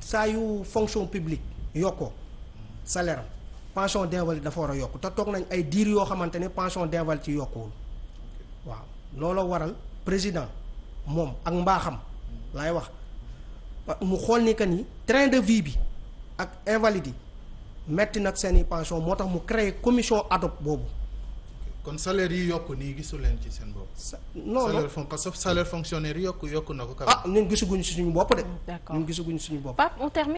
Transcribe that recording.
saa yu fonction publique yokkoo salaire pension d'invalide dafa war a yokk te toog nañ ay diir yoo xamante ne pension d'invalide ci yokkuwul waaw looloo waral président moom ak mbaaxam laay wax mu xool ni que ni train de vie bi ak invalide yi metti nag seeni pension moo tax mu créer commission ad boobu kon salaire yi yokk nii gisu leen ci seen bopp. non non salaire fon parce que salaire fonctionnaire yokk yokk na ko. ah ñun gisaguñ suñu bopp de. d'accord ñun gisaguñ suñu bopp. Pape on